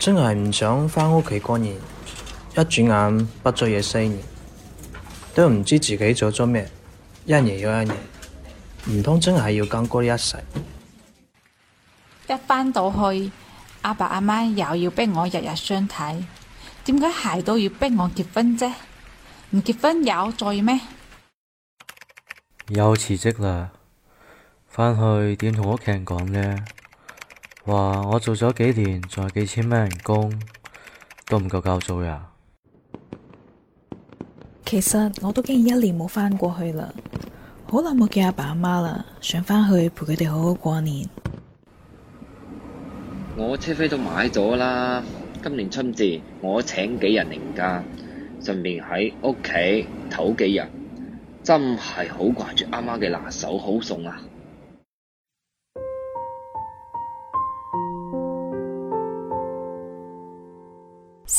真係唔想翻屋企過年，一轉眼不做嘢四年，都唔知自己做咗咩，一年又一年，唔通真係要咁過一世？一翻到去，阿爸阿媽又要逼我日日相睇，點解係都要逼我結婚啫？唔結婚有罪咩？又辭職啦，翻去點同屋企人講咧？話我做咗幾年，仲有幾千蚊人工，都唔夠交租呀。其實我都已經一年冇翻過去啦，好耐冇見阿爸阿媽啦，想翻去陪佢哋好好過年。我車飛都買咗啦，今年春節我請幾日年假，順便喺屋企唞幾日，真係好掛住阿媽嘅拿手好餸啊！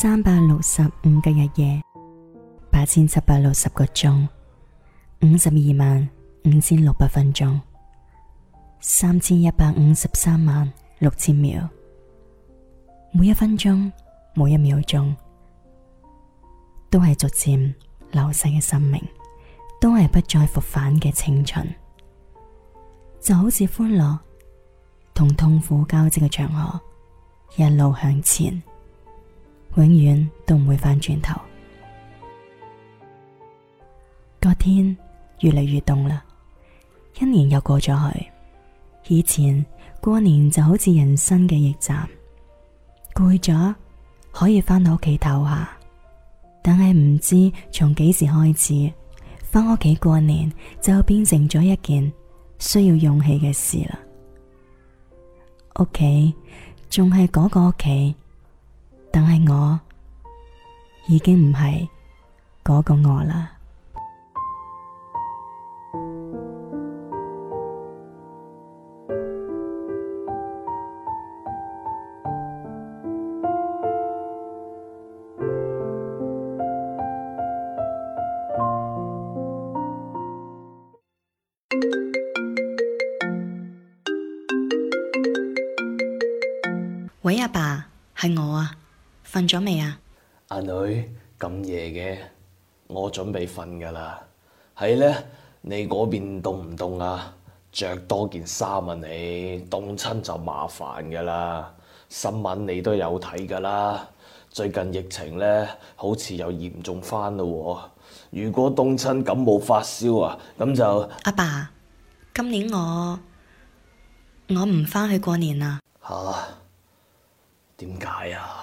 三百六十五個日夜，八千七百六十個鐘，五十二萬五千六百分鐘，三千一百五十三萬六千秒，每一分鐘，每一秒鐘，都係逐漸流逝嘅生命，都係不再復返嘅青春，就好似歡樂同痛苦交織嘅長河，一路向前。永遠都唔會翻轉頭。個天越嚟越凍啦，一年又過咗去。以前過年就好似人生嘅驛站，攰咗可以翻到屋企唞下。但係唔知從幾時開始，翻屋企過年就變成咗一件需要勇氣嘅事啦。屋企仲係嗰個屋企。但係我已經唔係嗰個我啦。喂，阿爸，係我啊！瞓咗未啊？阿女，咁夜嘅，我準備瞓噶啦。係咧，你嗰邊凍唔凍啊？着多件衫啊你，凍親就麻煩噶啦。新聞你都有睇噶啦，最近疫情咧好似又嚴重翻咯。如果凍親感冒發燒啊，咁就阿爸，爸，今年我我唔翻去過年啦。吓？點解啊？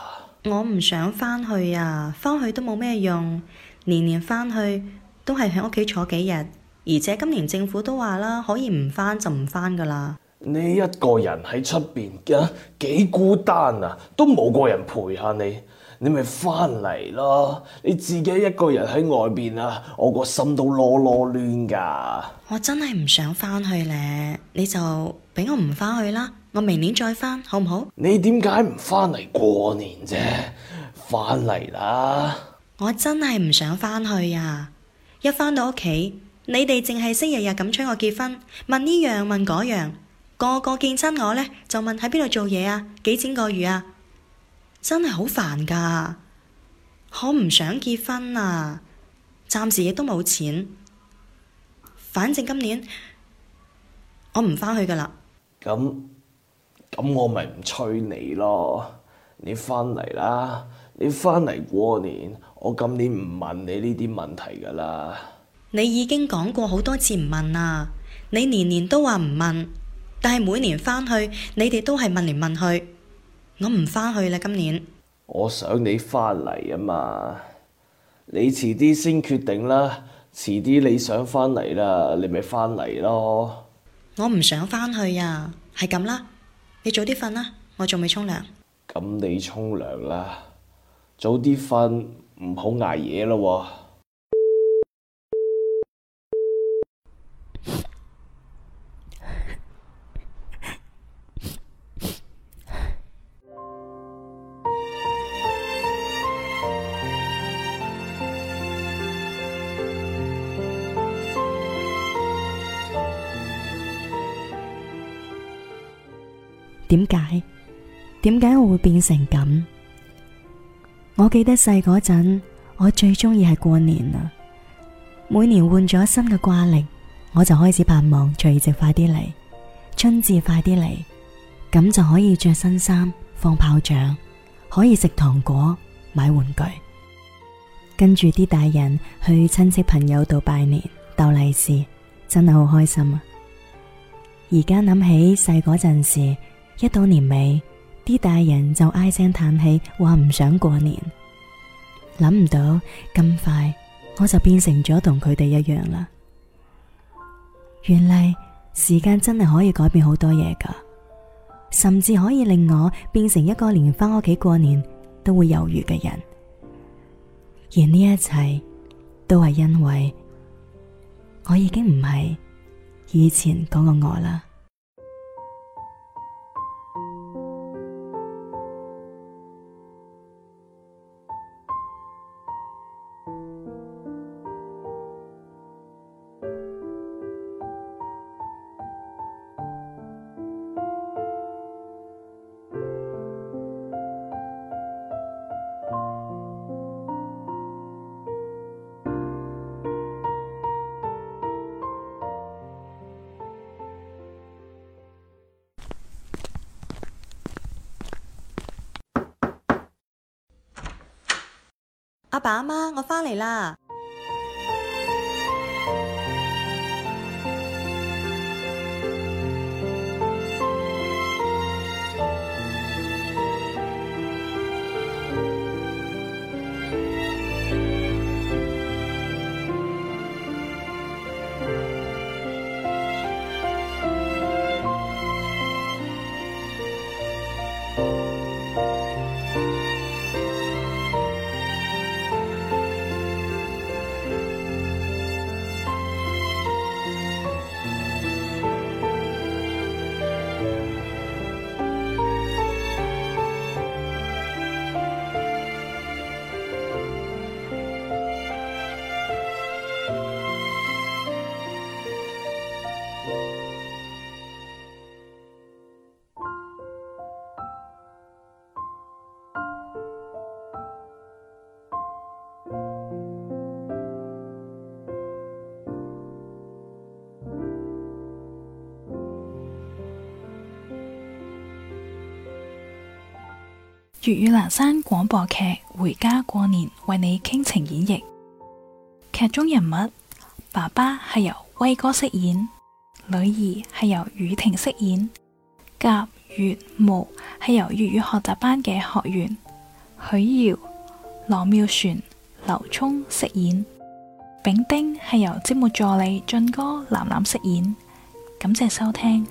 我唔想翻去啊，翻去都冇咩用，年年翻去都係喺屋企坐幾日，而且今年政府都話啦，可以唔翻就唔翻噶啦。你一個人喺出邊啊，幾孤單啊，都冇個人陪下你。你咪返嚟咯！你自己一個人喺外邊啊，我個心都囉囉攣噶。我真係唔想返去咧，你就畀我唔返去啦。我明年再返好唔好？你點解唔返嚟過年啫？返嚟啦！我真係唔想返去呀、啊！一返到屋企，你哋淨係識日日咁催我結婚，問呢樣問嗰樣，個個見親我咧就問喺邊度做嘢啊，幾錢個月啊？真係好煩噶，我唔想結婚啊！暫時亦都冇錢，反正今年我唔翻去噶啦。咁咁我咪唔催你咯，你翻嚟啦，你翻嚟過年，我今年唔問你呢啲問題噶啦。你已經講過好多次唔問啦，你年年都話唔問，但係每年翻去，你哋都係問嚟問去。我唔返去啦，今年。我想你返嚟啊嘛，你遲啲先決定啦。遲啲你想返嚟啦，你咪返嚟咯。我唔想返去呀、啊，係咁啦。你早啲瞓啦，我仲未沖涼。咁你沖涼啦，早啲瞓，唔好捱夜咯。點解？點解我會變成咁？我記得細嗰陣，我最中意係過年啊。每年換咗新嘅掛曆，我就開始盼望除夕快啲嚟，春節快啲嚟，咁就可以着新衫，放炮仗、可以食糖果、買玩具，跟住啲大人去親戚朋友度拜年、逗利是，真係好開心啊！而家諗起細嗰陣時。一到年尾，啲大人就唉聲嘆氣，話唔想過年。諗唔到咁快，我就變成咗同佢哋一樣啦。原嚟時間真係可以改變好多嘢噶，甚至可以令我變成一個連翻屋企過年都會猶豫嘅人。而呢一切，都係因為我已經唔係以前嗰個我啦。阿爸阿媽，媽，我翻嚟啦！粵語闌珊廣播劇《回家過年》為你傾情演繹，劇中人物，爸爸係由威哥飾演，女兒係由宇婷飾演，甲、乙、戊係由粵語學習班嘅學員許堯、羅妙璇、劉聰飾演，丙、丁係由節目助理俊哥、藍藍飾演。感謝收聽。